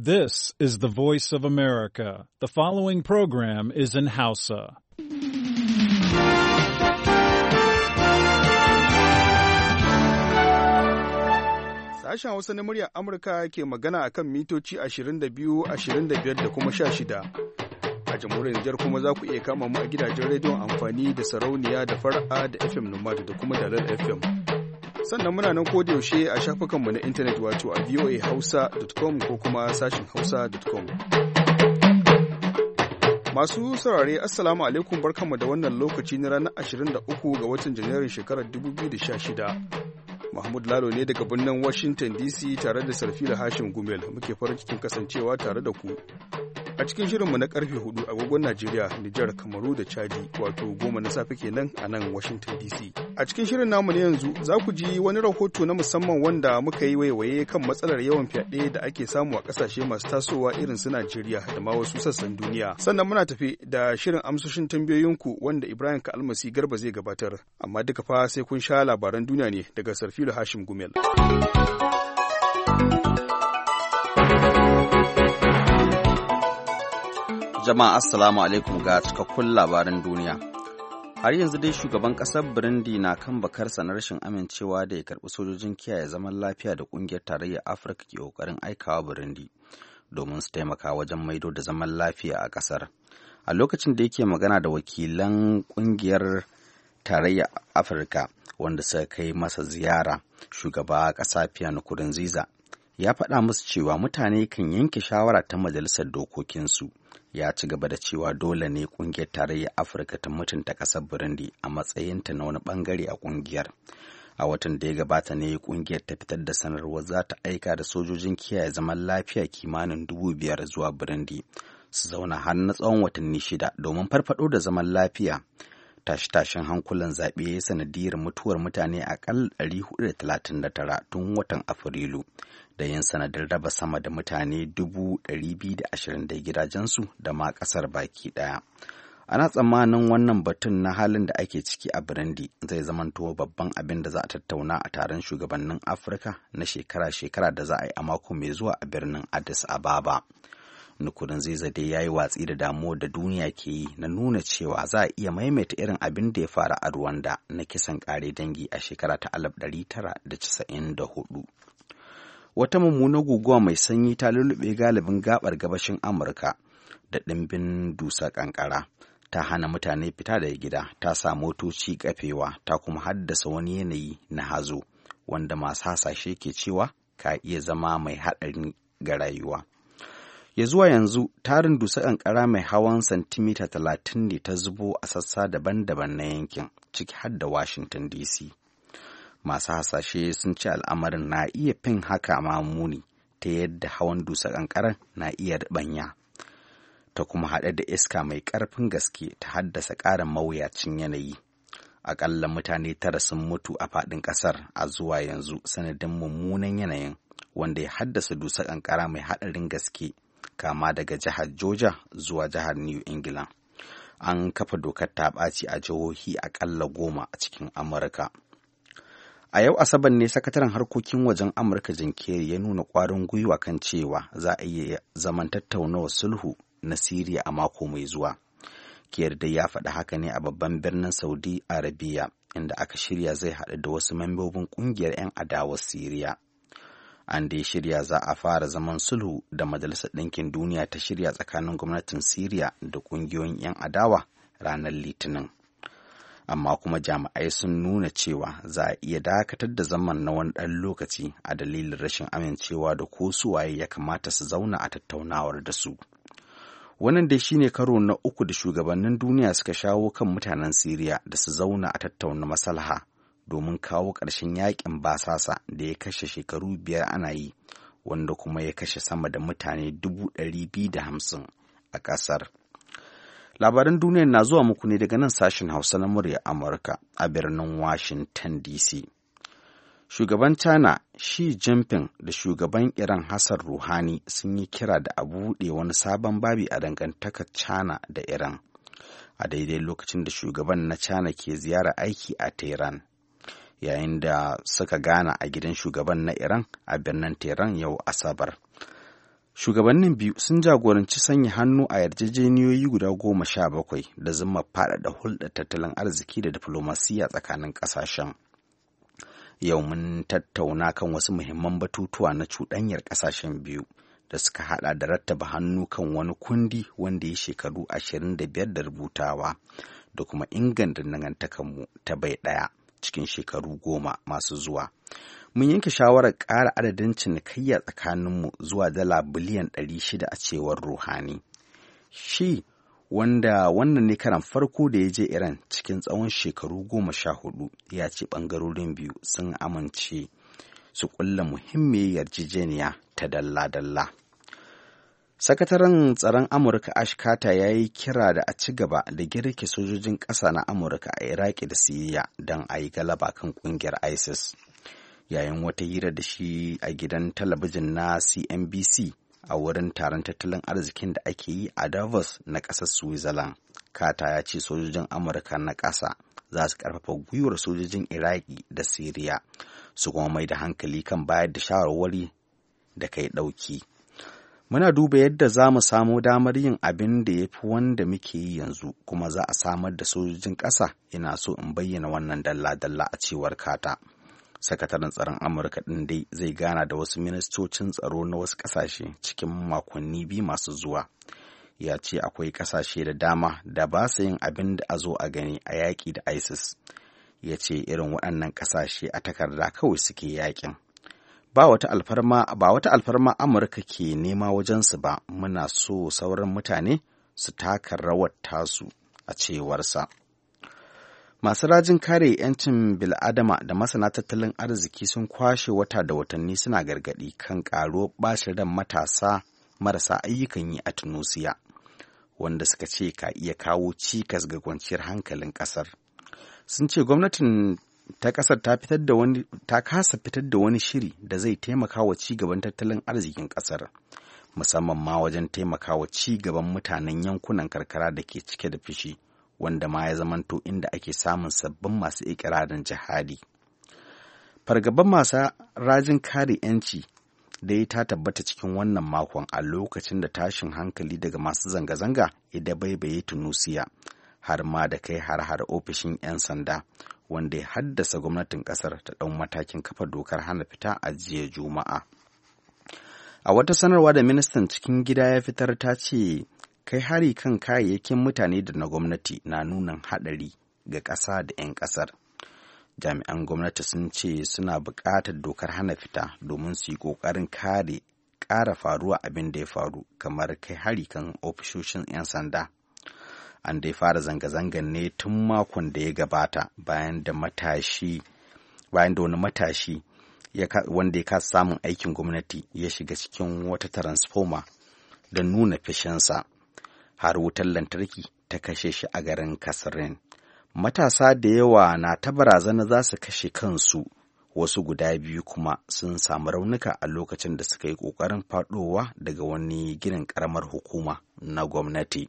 This is the voice of America. The following program is in Hausa. Sashen Hausa na muryar Amurka ke magana akan mitoci 22, 25 da kuma 16. A jamhuriyar Nijar kuma za ku iya kama mu a gidajen rediyon amfani da sarauniya da fara'a da FM Nomad da kuma Dalar FM. sannan muna nan ko yaushe a shafukanmu na intanet wato a voahausa.com ko kuma sashin hausa.com masu saurare assalamu alaikum barkanmu da wannan lokaci na ranar 23 ga watan janairun shekarar 2016 mahmud lalo ne daga birnin washington dc tare da sarfila hashim gumel muke farin cikin kasancewa tare da ku A cikin shirinmu na karfe hudu agogon Najeriya, Nijar, Kamaru da Chadi wato goma na safe kenan a nan Washington DC. A cikin shirin namu na yanzu za ku ji wani rahoto na musamman wanda muka yi waiwaye kan matsalar yawan fyaɗe da ake samu a ƙasashe masu tasowa irin su Najeriya da ma wasu sassan duniya. Sannan muna tafi da shirin amsoshin tambayoyinku wanda Ibrahim Ka'almasi Garba zai gabatar. Amma duka fa sai kun sha labaran duniya ne daga Sarfilu Hashim Gumel. Jama'a Assalamu alaikum ga cikakkun labarin duniya. Har yanzu dai shugaban ƙasar Burundi na kan bakarsa na rashin amincewa da ya karɓi sojojin kiyaye zaman lafiya da ƙungiyar tarayyar Afirka ke ƙoƙarin aikawa Burundi domin su taimaka wajen maido da zaman lafiya a ƙasar. A lokacin da yake magana da wakilan ƙungiyar tarayyar Afirka wanda suka kai masa ziyara shugaba ƙasa kurin ziza, ya faɗa musu cewa mutane kan yanke shawara ta majalisar dokokinsu ya ci gaba da cewa dole ne kungiyar tarayyar afirka ta mutunta kasar burundi a matsayinta na wani bangare a kungiyar a watan da ya gabata ne kungiyar ta fitar da sanarwar za ta aika da sojojin kiyaye zaman lafiya kimanin dubu biyar zuwa burundi su zauna har na tsawon watanni shida domin farfado da zaman lafiya Tashi-tashin hankulan zaɓe ya sanadiyar mutuwar mutane akalla 439 tun watan afrilu da yin sanadin raba sama da mutane 220 da gidajensu da ma ƙasar baki ɗaya. Ana tsammanin wannan batun na halin da ake ciki a Burundi zai zamanto babban abin da za a tattauna a taron shugabannin Afirka na shekara-shekara da za a yi a mako mai zuwa a birnin Addis Ababa. nukurin zai ya yi watsi da damuwa da duniya ke yi na nuna cewa za a iya maimaita irin abin da ya faru a Rwanda na kisan kare dangi a shekara ta 1994. wata mummunar guguwa mai sanyi ta lulluɓe galibin gabar gabashin amurka da ɗimbin dusa ƙanƙara ta hana mutane fita da gida ta sa motoci ƙafewa ta kuma haddasa wani yanayi na hazo wanda masu hasashe ke cewa ka iya zama mai haɗari ga rayuwa ya zuwa yanzu tarin dusa ƙanƙara mai hawan santimita talatin ne ta zubo a sassa daban-daban na yankin ciki har da washington dc masu hasashe sun ce al'amarin na iya fin haka ma muni ta yadda hawan dusa ƙanƙara na iya banya ta kuma haɗe da iska mai ƙarfin gaske ta haddasa ƙarin mawuyacin yanayi aƙalla mutane tara sun mutu a faɗin ƙasar a zuwa yanzu sanadin mummunan yanayin wanda ya haddasa dusa ƙanƙara mai haɗarin gaske kama daga jihar Georgia zuwa jihar New England. An kafa dokar ta a jihohi aƙalla goma a cikin Amurka. A yau Asabar ne sakataren harkokin wajen Amurka Jinkeri ya nuna ƙwarin gwiwa kan cewa za a iya zaman tattaunawar sulhu na Siriya a mako mai zuwa. Kiyar dai ya faɗi haka ne a babban birnin Saudi Arabia inda aka shirya zai haɗu da wasu membobin ƙungiyar 'yan adawar Siriya. An dai shirya za a fara zaman sulhu da Majalisar Ɗinkin Duniya ta shirya tsakanin gwamnatin Siriya da ƙungiyoyin 'yan adawa ranar Litinin. amma kuma jami'ai sun nuna cewa za a iya dakatar da zaman na wani ɗan lokaci a dalilin rashin amincewa da ko suwaye ya kamata su zauna a tattaunawar da su. Wannan dai shine karo na uku da shugabannin duniya suka shawo kan mutanen Siriya da su zauna a tattauna maslaha domin kawo ƙarshen yakin basasa da ya kashe shekaru biyar ana yi, wanda kuma ya kashe sama da mutane dubu ɗari biyu da hamsin a ƙasar. Labaran Duniya na zuwa muku ne daga nan sashen Hausa na murya Amurka a birnin Washington DC. Shugaban China Shi Jinping da shugaban Iran Hassan Ruhani sun yi kira da a buɗe wani sabon babi a dangantaka China da Iran. A daidai lokacin da shugaban na China ke ziyara aiki a Tehran. Yayin da suka gana a gidan shugaban na Iran a birnin Tehran yau Asabar. shugabannin biyu sun jagoranci sanya hannu a yarjejeniyoyi guda goma sha bakwai da zuma faɗaɗa hulɗar tattalin arziki da diflomasiyya tsakanin ƙasashen yau mun tattauna kan wasu muhimman batutuwa na cuɗanyar ƙasashen biyu da suka haɗa da rattaba hannu kan wani kundi wanda ya shekaru ashirin da biyar da rubutawa da kuma inganta dangantakanmu ta bai ɗaya cikin shekaru goma masu zuwa mun yanke shawarar ƙara adadin cinikayya tsakaninmu zuwa dala biliyan 600 a cewar ruhani shi wanda wannan ne karan farko da ya je iran cikin tsawon shekaru goma sha hudu ya ce ɓangarorin biyu sun amince su ƙulla muhimmiyar yarjejeniya ta dalla-dalla sakataren tsaron amurka ash carter ya yi kira da a ci gaba da girke sojojin ƙasa na amurka a iraki da siriya don a yi galaba kan ƙungiyar isis yayin wata hira da shi a gidan talabijin na CNBC a wurin taron tattalin arzikin da ake yi a Davos na ƙasar Switzerland. Kata ya ce sojojin Amurka na ƙasa za su ƙarfafa gwiwar sojojin Iraki da Siriya su kuma mai da hankali kan bayar da shawarwari da kai ɗauki. Muna duba yadda za mu samu damar yin abin da ya fi wanda muke yi yanzu kuma za a samar da sojojin ƙasa ina so in bayyana wannan dalla-dalla a cewar kata. sakataren tsaron amurka ɗin dai zai gana da wasu ministocin tsaro na wasu ƙasashe cikin makonni biyu masu zuwa ya ce akwai ƙasashe da dama da ba su yin abin da a zo a gani a yaƙi da isis ya ce irin waɗannan ƙasashe a takarda kawai suke yaƙin ba wata alfarma ba wata alfarma amurka ke nema wajensu ba muna so sauran mutane su taka rawar tasu a cewarsa Masu rajin kare 'yancin bil'adama da masana tattalin arziki sun kwashe wata da watanni suna gargadi kan karo bashi ran matasa marasa ayyukan yi a Tunusiya, wanda suka ce ka iya kawo cikas ga kwanciyar hankalin ƙasar. Sun ce gwamnatin ta ƙasar ta kasa fitar da wani shiri da zai taimaka wa ci gaban tattalin arzikin ƙasar, musamman ma wajen taimaka wa ci gaban mutanen yankunan karkara da ke cike da fushi. wanda ma ya zamanto inda ake samun sabbin masu ikirarin jihadi fargaban masu rajin kare 'yanci dai ta tabbata cikin wannan makon a lokacin da tashin hankali daga masu zanga-zanga ya baibaye tunusiya har ma da kai har-har ofishin 'yan sanda wanda ya haddasa gwamnatin ƙasar ta ɗau matakin kafa dokar hana fita a jiya juma'a a wata sanarwa da ministan cikin gida ya fitar ta ce kai hari kan kayayyakin mutane da na gwamnati na nunan haɗari ga ƙasa da 'yan ƙasar jami'an gwamnati sun ce suna buƙatar dokar hana fita domin su yi ƙoƙarin kare ƙara faruwa abin da ya faru kamar kai hari kan ofishoshin 'yan sanda an dai fara zanga-zangar ne tun makon da ya gabata bayan da matashi bayan da wani matashi wanda ya kasa samun aikin gwamnati ya shiga cikin wata transformer da nuna fishinsa har wutar lantarki ta kashe shi a garin Kasirin. Matasa da yawa na ta barazana za su kashe kansu, wasu guda biyu kuma sun samu raunuka a lokacin da suka yi ƙoƙarin faɗowa daga wani ginin ƙaramar hukuma na gwamnati.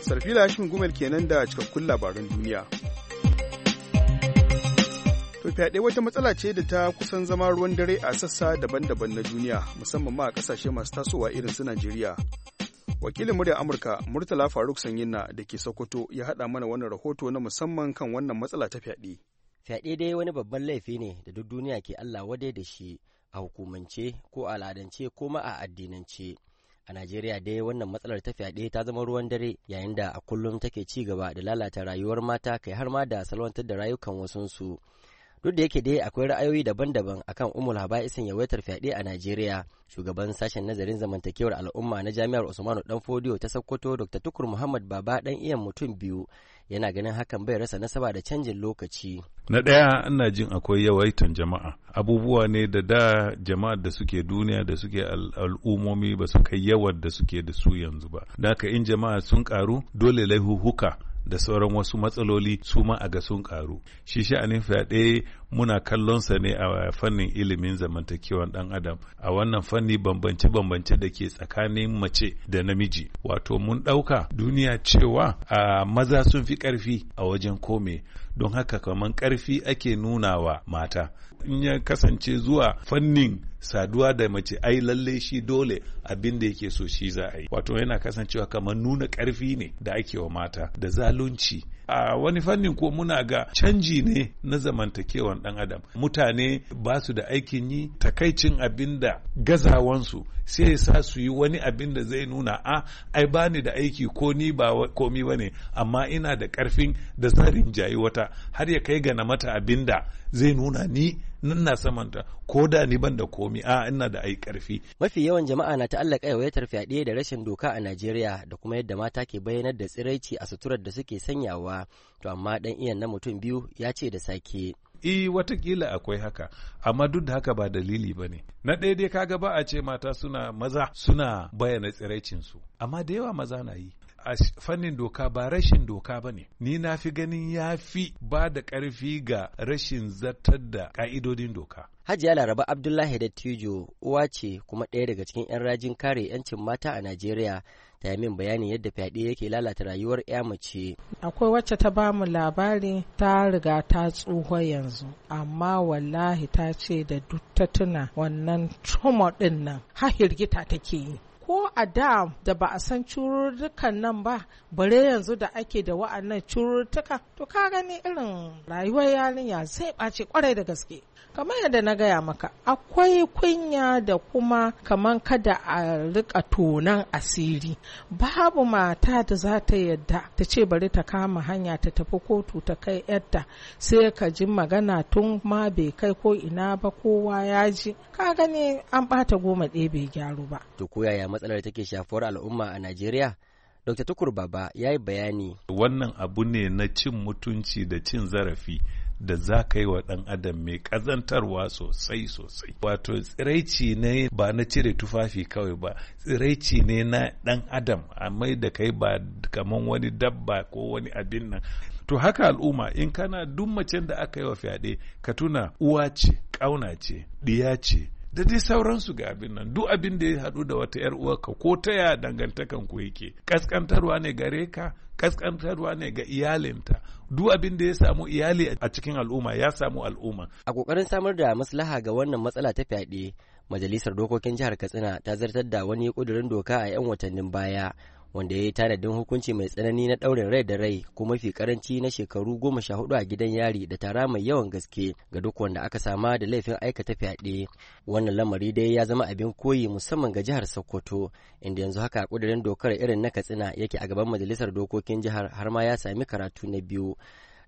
Sarfila shin Gumel kenan da cikakkun labaran duniya. To fyaɗe wata matsala ce da ta kusan zama ruwan dare a sassa daban-daban na duniya musamman ma a ƙasashe masu tasowa irin su Najeriya. Wakilin murya Amurka Murtala Faruk Sanyinna da ke Sokoto ya haɗa mana wannan rahoto na musamman kan wannan matsala ta fyaɗe. Fyaɗe dai wani babban laifi ne da duk duniya ke Allah wadai da shi a hukumance ko a al'adance ko ma a addinance. a Najeriya dai wannan matsalar ta fyaɗe ta zama ruwan dare yayin da a kullum take ci gaba da lalata rayuwar mata kai har ma da salwantar da rayukan wasunsu duk da yake dai akwai ra'ayoyi daban-daban akan umul haba'isin yawaitar fyaɗe a Najeriya shugaban sashen nazarin zamantakewar al'umma na jami'ar Usmanu Danfodiyo ta Sokoto Dr. Tukur Muhammad Baba dan iyan mutum biyu yana ganin hakan bai rasa nasaba da canjin lokaci na ɗaya ina jin akwai yawaitan jama'a abubuwa ne da da jama'a da suke duniya da suke al'ummomi ba su kai yawan da suke da su yanzu ba da in jama'a sun karu dole laihuhuka da sauran wasu matsaloli su ma a ga sun karu shi sha'anin fyaɗe muna kallon sa ne a fannin ilimin zamantakewan ɗan adam a wannan fanni bambance bambance da ke tsakanin mace da namiji wato mun ɗauka duniya cewa a maza sun fi ƙarfi a wajen kome don haka kamar ƙarfi ake nunawa mata in ya kasance zuwa fannin saduwa da mace ai lalle shi dole abin da yake so shi za a yi wato yana kasancewa kamar nuna karfi ne da ake wa mata da zalunci a wani fannin ko muna ga canji ne na zamantakewan dan adam mutane ba su da aikin yi takaicin abin da gazawansu sai sa su yi wani abin da zai nuna a ai ba ni da aiki ko ni ba komi ba ne amma ina da karfin da zarin jayi wata har ya kai ga na mata abin da zai nuna ni nan na samanta ko da ni ban da komi a ina da ai karfi mafi yawan jama'a na ta'allaka yawaitar fyaɗe da rashin doka a Najeriya da kuma yadda mata ke bayyanar da tsiraici a suturar da suke sanyawa to amma dan iyan na mutum biyu ya ce da sake E watakila akwai haka, amma duk da haka ba dalili ba ne. Na ɗaya dai kaga ba a ce mata suna maza suna bayyana tsiraicinsu, amma da yawa maza na yi. a fannin doka ba rashin doka ba ne ni na fi ganin ya fi ba da ƙarfi ga rashin zartar da ƙa'idodin doka Hajiya Laraba Abdullahi da Dattijo uwa ce kuma ɗaya daga cikin 'yan rajin kare 'yancin mata a Najeriya ta min bayanin yadda fyaɗe yake lalata rayuwar 'ya mace. Akwai wacce ta ba mu labari ta riga ta tsuho yanzu amma wallahi ta ce da duk ta tuna wannan tumor ɗin nan Ha hirgita take yi. ko a da da ba a san cururrukan nan ba bare yanzu da ake da wa'annan cururtuka to ka gani irin rayuwar yarinya zai ɓace kwarai da gaske kamar yadda na gaya maka akwai kunya da kuma kamar kada a rika tonan asiri babu mata da za ta yadda ta ce bari ta kama hanya ta tafi kotu ta kai yadda sai ka ji magana tun ma bai kai ko ina ba kowa ya ji ka gani an bata goma ɗaya bai gyaru ba to da take shafuwar al'umma a Najeriya, Dr. Tukur Baba ya yi bayani. Wannan abu ne na cin mutunci da cin zarafi da za ka yi wa ɗan adam mai ƙazantarwa sosai sosai. Wato tsiraici ne ba na cire tufafi kawai ba, tsiraici ne na ɗan adam a mai da kai ba kamar wani dabba ko wani abin nan. To haka al'umma in kana duk macen da aka yi wa fyaɗe ka tuna uwa ce, ƙauna ce, ɗiya ce, da dai sauransu ga abin nan duk abin da ya haɗu da wata yar uwarka ko ta ya dangantakan ku yake kaskantarwa ne gare ka kaskantarwa ne ga iyalinta duk abin da ya samu iyali a cikin al'umma ya samu al'umma a kokarin samar da maslaha ga wannan matsala ta fyaɗe majalisar dokokin jihar katsina ta zartar da wani ƙudurin doka a 'yan watannin baya wanda ya yi tanadin hukunci mai tsanani na ɗaurin rai da rai ko mafi karanci na shekaru goma sha hudu a gidan yari da tara mai yawan gaske ga duk wanda aka sama da laifin aikata fyaɗe wannan lamari dai ya zama abin koyi musamman ga jihar sokoto inda yanzu haka kudirin dokar irin na katsina yake a gaban majalisar dokokin jihar har ma ya sami karatu na biyu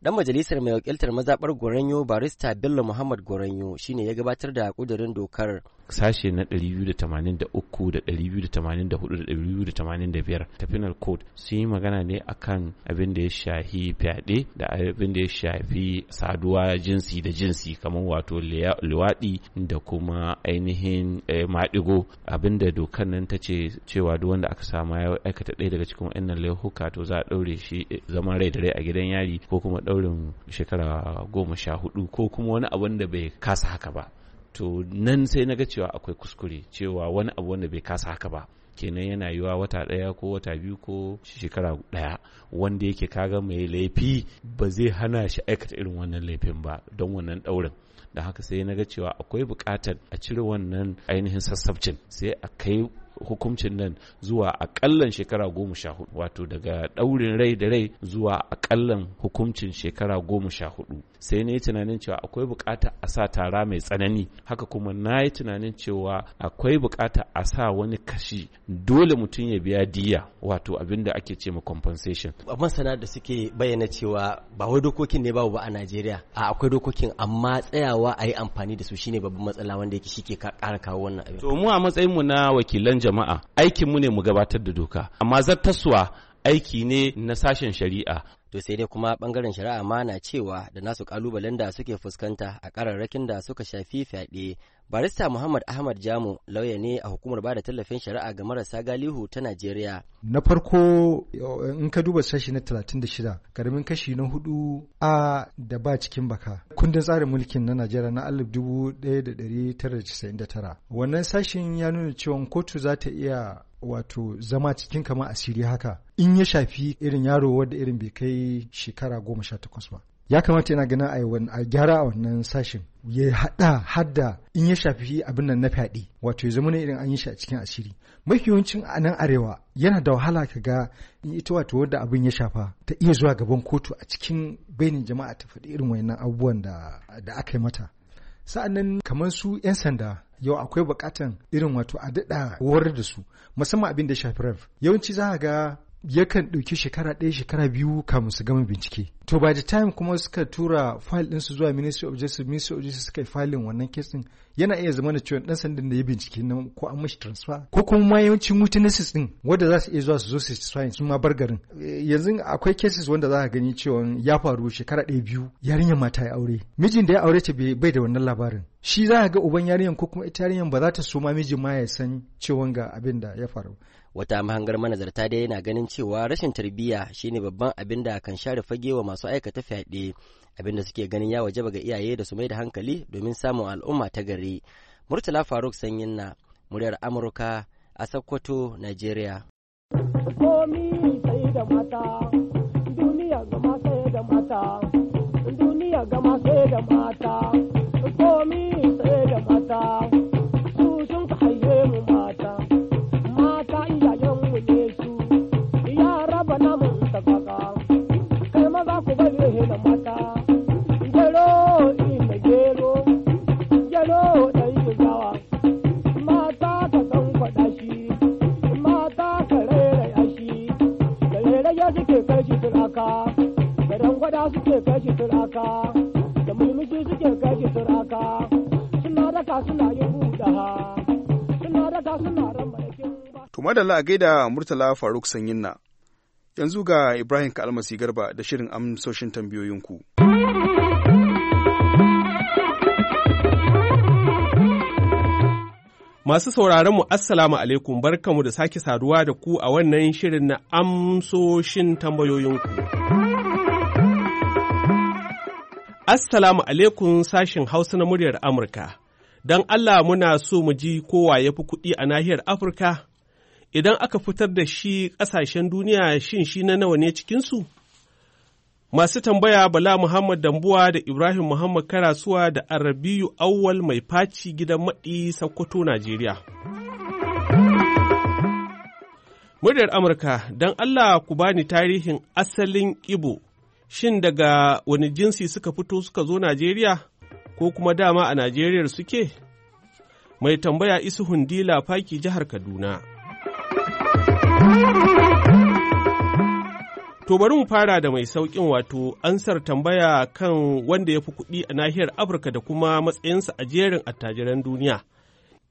Dan majalisar mai wakiltar mazabar Goranyo barista Bello Muhammad Goranyo shine ya gabatar da kudurin dokar. Sashe na 283 tafinal Code sun yi magana ne akan abin da ya shafi fyaɗe da abin da ya shafi saduwa jinsi da jinsi kamar wato luwaɗi da kuma ainihin eh, maɗigo abin da dokar nan ta ce cewa duk wanda aka sama ya aikata ɗaya daga cikin wa'annan lahuka to za a ɗaure shi eh, zaman rai da rai a gidan yari ko kuma ɗaurin shekara goma sha hudu ko kuma wani abu da bai kasa haka ba to nan sai na ga cewa akwai kuskure cewa wani abu wanda bai kasa haka ba kenan yana yiwa wata ɗaya ko wata biyu ko shekara ɗaya wanda yake kaga mai laifi ba zai hana shi aikata irin wannan laifin ba don wannan ɗaurin da haka sai na ga cewa akwai buƙatar a cire wannan ainihin sassabcin sai a kai hukuncin nan zuwa akallan shekara goma sha hudu wato daga ɗaurin rai da rai zuwa akallan hukuncin shekara goma sha hudu sai na yi tunanin cewa akwai bukata a sa tara mai tsanani haka kuma na yi tunanin cewa akwai bukata a sa wani kashi dole mutum ya biya diya wato abin da ake ce ma compensation masana da suke bayyana cewa ba wai dokokin ne babu ba a Najeriya a akwai dokokin amma tsayawa a yi amfani da su shine babban matsala wanda yake shi ke kara kawo wannan abin to mu a matsayin mu na wakilan jama'a aikin mu ne mu gabatar da doka amma zartaswa aiki ne na sashen shari'a to sai dai kuma bangaren shari'a ma na cewa da nasu kalubalen da suke fuskanta a kararrakin da suka shafi fyaɗe Barista Muhammad Ahmad Jamu lauya ne a hukumar bada tallafin shari'a ga marasa galihu ta Najeriya. Na farko in ka duba sashi na 36 karamin kashi na hudu a da ba cikin baka kundin tsarin mulkin na Najeriya na 1999 wannan sashin ya nuna cewa kotu za ta iya wato zama cikin kama asiri haka in ya shafi irin yaro wadda irin bai kai shekara goma sha takwas ba ya kamata yana gana a gyara a wannan sashen ya hada hadda in ya shafi abin nan na fyaɗe wato ya zama ne irin an yi shi a cikin asiri mafi yawancin a nan arewa yana da wahala ka ga ita wato wadda abin ya shafa ta iya zuwa gaban kotu a cikin bainin jama'a ta faɗi irin wayannan abubuwan da aka yi mata sa'annan kamar su 'yan sanda yau akwai bukatan irin wato a daɗa horar da su musamman abin da shafi rev yawanci za ga yakan ɗauki shekara ɗaya shekara biyu kamun su gama bincike to by the time kuma suka tura file su zuwa ministry of justice ministry of justice suka filin wannan kesin. ɗin yana iya zama da cewa ɗan sandan da ya bincike nan ko an mashi transfer ko kuma ma yawancin witnesses ɗin wanda za su iya zuwa su zo su testify sun ma bar garin yanzu akwai cases wanda za ka gani cewa ya faru shekara ɗaya biyu yarinyar mata ya aure mijin da ya aure ta bai da wannan labarin shi za ga uban yarinyar ko kuma ita yarinyar ba za ta so ma mijin ma ya san cewa ga abin da ya faru wata mahangar manazarta dai yana ganin cewa rashin tarbiyya shine babban abin da kan share fage wa masu aikata fyaɗe abin da suke ganin ya waje ga iyaye da su mai da hankali domin samun al'umma ta gari murtala faruk sanyin na muryar amurka a sokoto nigeria komi sai mata duniya da mata duniya gama da mata komi sai da mata To madalla a gaida Murtala Faruk Sanyinna. Yanzu ga Ibrahim Kalmasi Garba da shirin amsoshin tambayoyinku. Masu sauraron mu Assalamu alaikum barkamu da sake saduwa da ku a wannan shirin na amsoshin tambayoyinku. Assalamu alaikum sashin Hausa na muryar Amurka. don Allah muna so mu ji kowa ya fi kuɗi a nahiyar Afirka, idan aka fitar da shi ƙasashen duniya shin shi na nawa ne cikinsu? Masu tambaya Bala Muhammad Dambuwa da Ibrahim Muhammad Karasuwa da Arabiyu Awwal mai faci gidan maɗi Sokoto, Najeriya. Muryar Amurka, don Allah ku bani tarihin asalin Ibo, shin daga wani jinsi suka fito suka zo Najeriya? ko kuma dama a Najeriya suke? Mai tambaya isu hundila faki jihar Kaduna. To bari mu fara da mai sauƙin wato ansar tambaya kan wanda ya fi kuɗi a nahiyar Afirka da kuma matsayinsa a jerin attajiran duniya.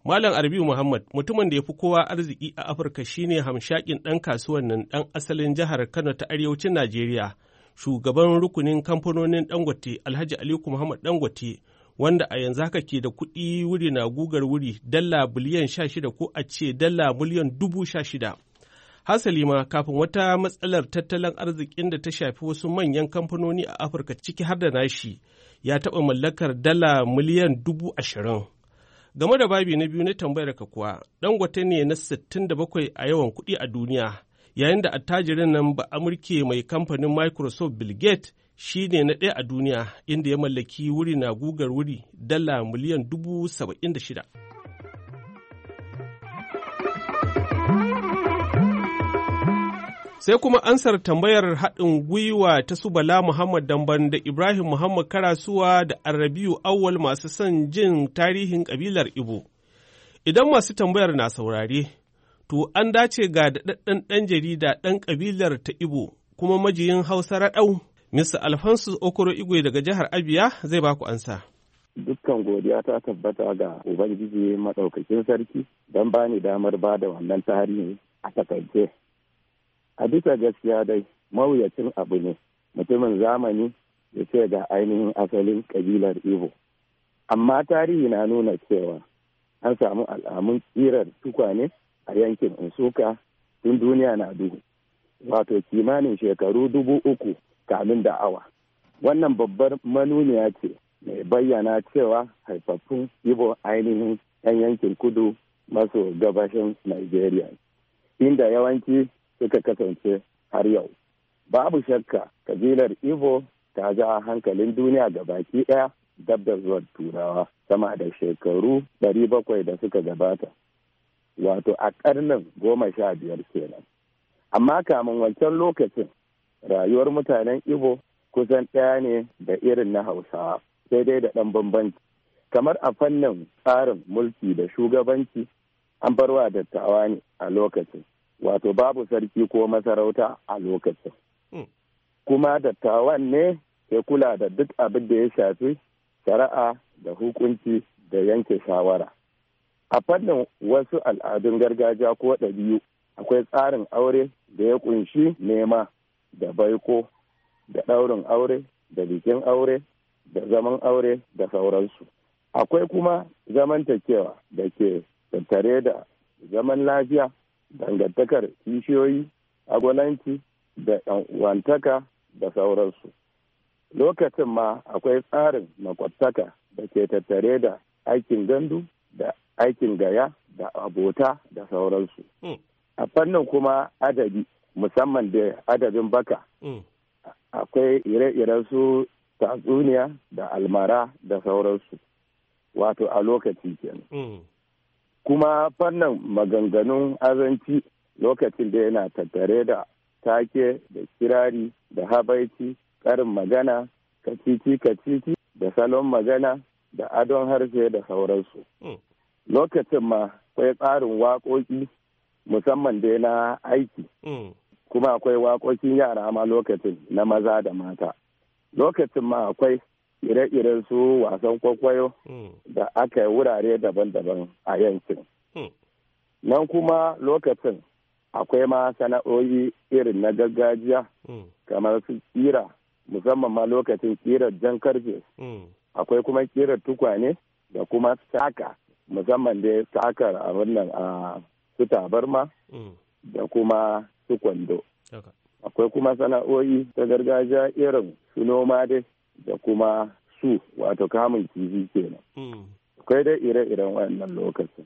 Malam Arbiu Muhammad mutumin da ya fi kowa arziki a Afirka shine hamshakin ɗan kasuwan nan ɗan asalin jihar Kano ta arewacin Najeriya, shugaban rukunin kamfanonin Dangote Alhaji Aliku Muhammad Dangote wanda a yanzu haka ke da kuɗi wuri na gugar wuri dala biliyan sha shida ko a ce dala miliyan dubu sha shida. Hasali ma kafin wata matsalar tattalin arzikin da ta shafi wasu manyan kamfanoni a Afirka ciki har da nashi ya taɓa mallakar dala miliyan dubu ashirin. Game da babi na biyu na tambayar ka kuwa, Dangote ne na sittin da bakwai a yawan kuɗi a duniya, yayin da attajirin nan ba Amurke mai kamfanin Microsoft Bill Gates shi ne na ɗaya a duniya inda ya mallaki wuri na gugar wuri dala miliyan dubu saba'in da shida. Sai kuma ansar tambayar haɗin gwiwa ta su Bala Muhammad Damban da Ibrahim Muhammad Karasuwa da Arabiyu Awwal masu son jin tarihin ƙabilar Ibo. Idan masu tambayar na saurare, to an dace ga daɗaɗɗen ɗan jarida ɗan ƙabilar ta Ibo kuma majiyin Hausa raɗau Mr. Alfonso Okoro Igwe daga jihar Abia zai baku ansa. Dukkan godiya ta tabbata ga Ubangiji maɗaukakin sarki don ba ni damar ba da wannan tarihi a takaice. A bisa gaskiya dai mawuyacin abu ne mutumin zamani ya ce ga ainihin asalin ƙabilar Igbo. Amma tarihi na nuna cewa an samu al'amun tsirar tukwane a yankin Nsuka tun duniya na duhu. wato kimanin shekaru dubu uku kamin awa. wannan babbar manuniya ce mai bayyana cewa haifaffun ibo ainihin 'yan yankin kudu maso gabashin nigeria inda yawanci suka kasance har yau babu shakka kabilar ibo ta ja hankalin duniya ga baki ɗaya dab da zuwa turawa sama da shekaru 700 da suka gabata wato a ƙarnin goma sha biyar kenan amma kamin wancan lokacin rayuwar mutanen ibo kusan ɗaya ne da irin na hausawa sai dai da ɗan bambanci kamar a fannin tsarin mulki da shugabanci an barwa dattawa ne a lokacin wato babu sarki ko masarauta a lokacin hmm. kuma dattawan ne ke kula da duk abin da ya shafi shari'a da hukunci da yanke shawara a fannin wasu al'adun gargajiya ko ɗabi'u akwai tsarin aure da ya kunshi nema da baiko da ɗaurin aure da bikin aure da zaman aure da sauransu akwai kuma zamantakewa da ke tattare da zaman lafiya dangantakar kishiyoyi agonanci da wantaka da sauransu lokacin ma akwai tsarin makwabtaka da ke tattare da aikin gandu da aikin gaya da abota da sauransu hmm. a fannin kuma adabi musamman da adabin baka mm. akwai ire-iren su tatsuniya da almara da sauransu wato a lokaci kenan mm. kuma fannin maganganun azanci lokacin da yana tattare da take da kirari da habaici karin magana kacici kacici da salon magana da adon harshe da sauransu mm. lokacin ma akwai tsarin waƙoƙi musamman dai na aiki mm. kuma akwai waƙoƙin yara ma lokacin na maza da mata lokacin ma akwai ire-iren su wasan kwakwayo mm. da aka yi wurare daban-daban a yankin mm. nan kuma lokacin akwai ma sana'o'i irin na gargajiya kamar su tsira musamman ma lokacin tsirar jan karfe akwai kuma tsirar tukwane da kuma saka musamman dai sakar a wannan a ah, su tabarma mm. da kuma su kwando akwai kuma sana'o'i ta gargajiya irin su noma dai da kuma su wato kamun kifi kenan mm. akwai dai ire-iren wannan lokacin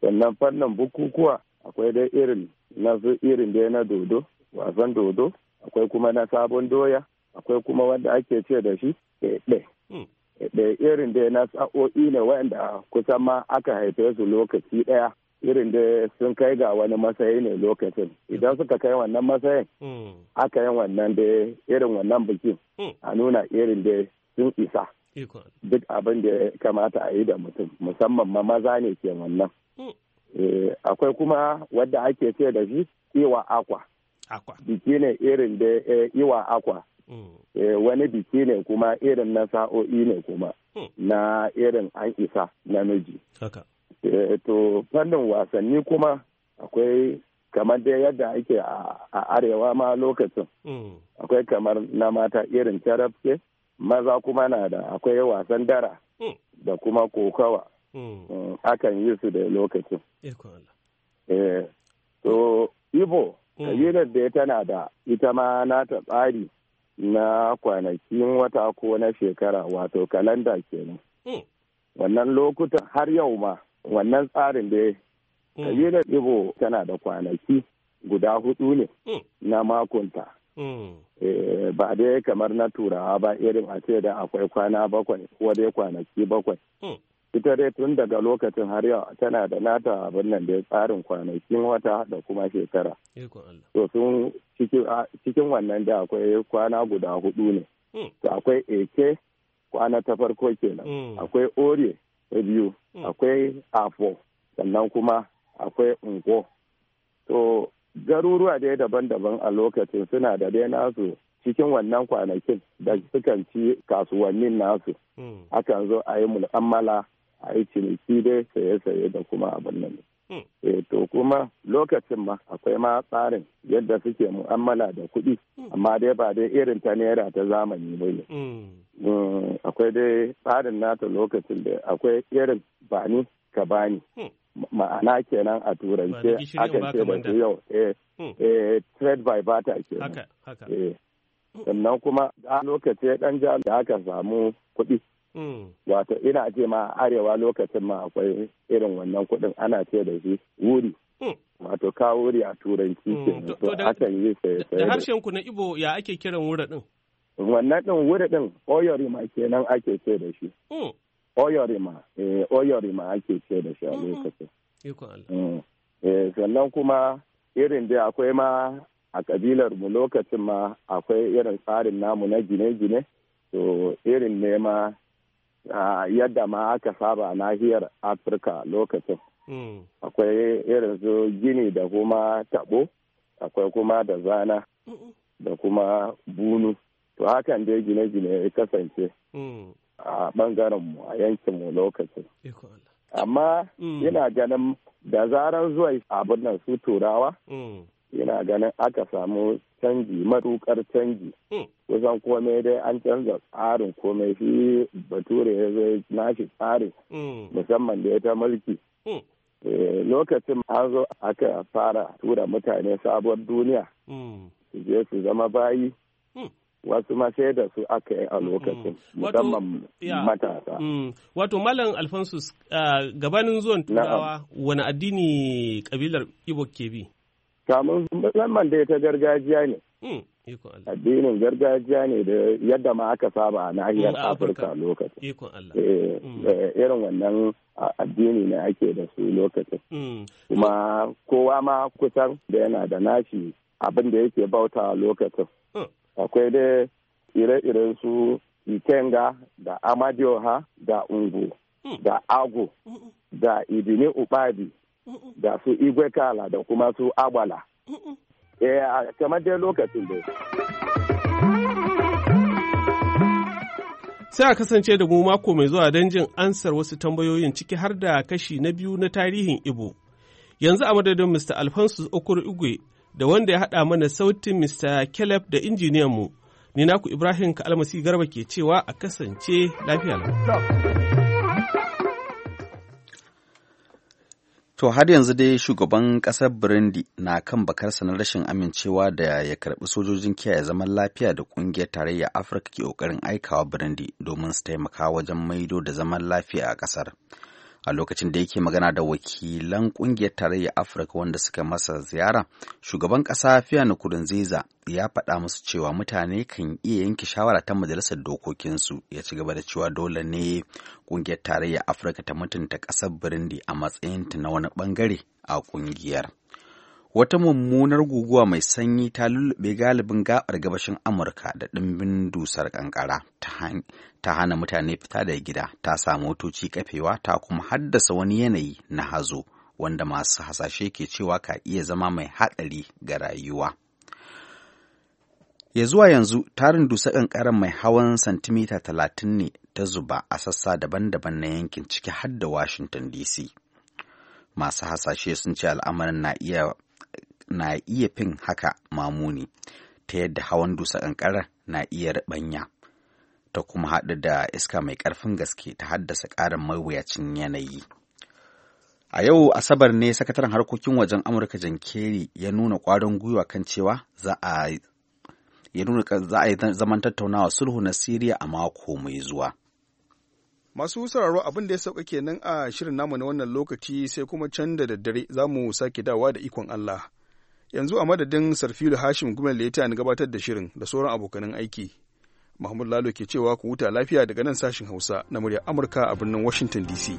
sannan fannin bukukuwa akwai dai irin na su irin dai na dodo wasan dodo akwai kuma na sabon doya akwai kuma wanda ake ce da shi ɗaiɗe mm. da irin dai na sa'o'i ne wanda kusan ma aka haife su lokaci ɗaya irin da sun kai ga wani masayi ne lokacin idan suka kai wannan masayin hmm. aka yi wannan da irin wannan bikin hmm. a nuna irin da sun isa duk abin da kamata a yi da mutum musamman ma maza ne ke wannan hmm. eh, akwai kuma wadda ake ce da shi iwa akwa biki ne irin da eh, iwa akwa eh, wani biki ne kuma irin na sa'o'i ne kuma na irin an isa namiji Eh, to fannin wasanni kuma akwai kamar dai yadda ake a arewa ma lokacin mm. akwai kamar na mata irin carafke maza kuma na da akwai wasan dara mm. da kuma kokawa mm. akan yi su da lokacin eh, to ibo kabilar da tana da ita ma nata tsari na kwanakin wata ko na shekara wato kalanda kenan wannan lokutan har yau ma wannan tsarin da hmm. kabilar ibo tana da kwanaki guda hudu ne hmm. na makonta hmm. eh, ba dai kamar na turawa ba irin a ce da akwai kwana bakwai ko dai kwanaki bakwai ita dai tun daga lokacin har yau tana da nata abin nan da tsarin kwanakin wata da kuma shekara to sun cikin wannan da akwai kwana guda hudu ne to akwai eke kwana ta farko kenan akwai ore biyu mm. akwai afo sannan kuma akwai unko to garuruwa dai daban-daban a lokacin suna da dai nasu cikin wannan kwanakin da sukan ci kasuwannin nasu mm. akan zo a yi mu'amala a yi ciniki dai saye-saye da kuma abin nan e to kuma lokacin ma akwai ma tsarin yadda suke mu'amala da kuɗi amma dai ba dai irin ta naira ta zamani ne Mm, akwai dai tsarin nata lokacin da akwai irin bani ka bani hmm. ma'ana kenan a turance akan ce da su yau eh, hmm. eh, trade by barter kenan eh. hmm. sannan kuma a lokaci dan jami'a da aka samu kuɗi wato ina ce ma arewa lokacin ma akwai irin wannan kuɗin ana ce da shi wuri wato wuri a turanci ke akan yi saye da harshen ku na ibo ya ake kiran wura din wannan ɗin wuri ɗin oyorima kenan ake ce da shi oh. oyorima eh oyorima ake ce da shi a lokacin mm. eh, sannan kuma irin da akwai ma a kabilar mu lokacin ma akwai irin tsarin namu na gine-gine to irin ne ma yadda ma aka saba a nahiyar afirka lokacin mm. akwai irin su gini da kuma taɓo akwai kuma da zana da kuma bunu to hakan dai gine-gine ya kasance mm. a ɓangaren mu a yankin mu lokacin amma yana mm. ganin da zarar zuwa abin nan su turawa yana mm. ganin aka samu canji matukar canji kusan komai dai an canza tsarin komai shi bature ya zai nashi tsarin musamman da ya ta mulki eh, lokacin an zo aka fara tura mutane sabuwar duniya su je su zama bayi wasu ma sai da su aka yi a lokacin musamman matasa. Mm. Wato Malam Alphonsus uh, gabanin zuwan Turawa wani addini kabilar Igbo ke bi? Kamun musamman dai ta gargajiya ne. Mm, Addinin gargajiya ne da yadda ma aka saba a nahiyar mm, Afirka lokacin. Eh, eh, irin wannan addini ne ake da su lokacin. Kuma kowa ma kusan da yana da nashi abin da yake bauta lokacin. akwai da ire-iren su ikenga da amadioha da ungu hmm. da agu hmm, hmm. da idini ubadi da su igwe da kuma su agbala eh, a kamar dai lokacin da sai a kasance da mu mako mai zuwa don jin ansar wasu tambayoyin ciki har da kashi na biyu na tarihin Ibo. Yanzu a madadin Mr. Alphonsus Okoro Igwe da wanda ya haɗa mana sautin Mr. Caleb da injiniyanmu. Ni naku Ibrahim Kalmasi Garba ke cewa a kasance lafiya To har yanzu dai shugaban ƙasar Burundi na kan bakarsa na rashin amincewa da ya karɓi sojojin kiyaye zaman lafiya da ƙungiyar tarayya Afirka ke ƙoƙarin aikawa Burundi domin su taimaka wajen maido da zaman lafiya a ƙasar. a lokacin da yake magana da wakilan kungiyar tarayyar afirka wanda suka masa ziyara shugaban ƙasa fiya ziza ya faɗa musu cewa mutane kan iya yanke shawara ta majalisar dokokinsu ya ci gaba da cewa dole ne kungiyar tarayyar afirka ta mutunta ƙasar burundi a matsayinta na wani ɓangare a kungiyar wata mummunar guguwa mai sanyi ta lulluɓe galibin gabar gabashin amurka da ɗimbin dusar ƙanƙara ta hana mutane fita da gida ta samu motoci kafewa ta kuma haddasa wani yanayi na hazo wanda masu hasashe ke cewa ka iya zama mai haɗari ga rayuwa ya zuwa yanzu tarin dusar ƙanƙara mai hawan santimita talatin ne ta zuba a sassa daban-daban na yankin ciki har da washington dc masu hasashe sun ce al'amarin na iya na iya fin haka mamuni ta yadda hawan dusa ƙanƙara na iya rabanya, ta kuma haɗu da iska mai ƙarfin gaske ta haddasa ƙarin mawuyacin yanayi. A yau Asabar ne sakataren harkokin wajen Amurka Jankeri ya nuna ƙwarin gwiwa kan cewa za a ya nuna za a yi zaman tattaunawa sulhu na Siriya a mako mai zuwa. Masu sauraro abin da ya sauka kenan a shirin namu na wannan lokaci sai kuma can da daddare za mu sake dawa da ikon Allah. yanzu a madadin sarfilu hashim gumel da ya ta gabatar da shirin da sauran abokanan aiki mahmud lalo ke cewa ku huta lafiya daga nan sashin hausa na murya amurka a birnin washington dc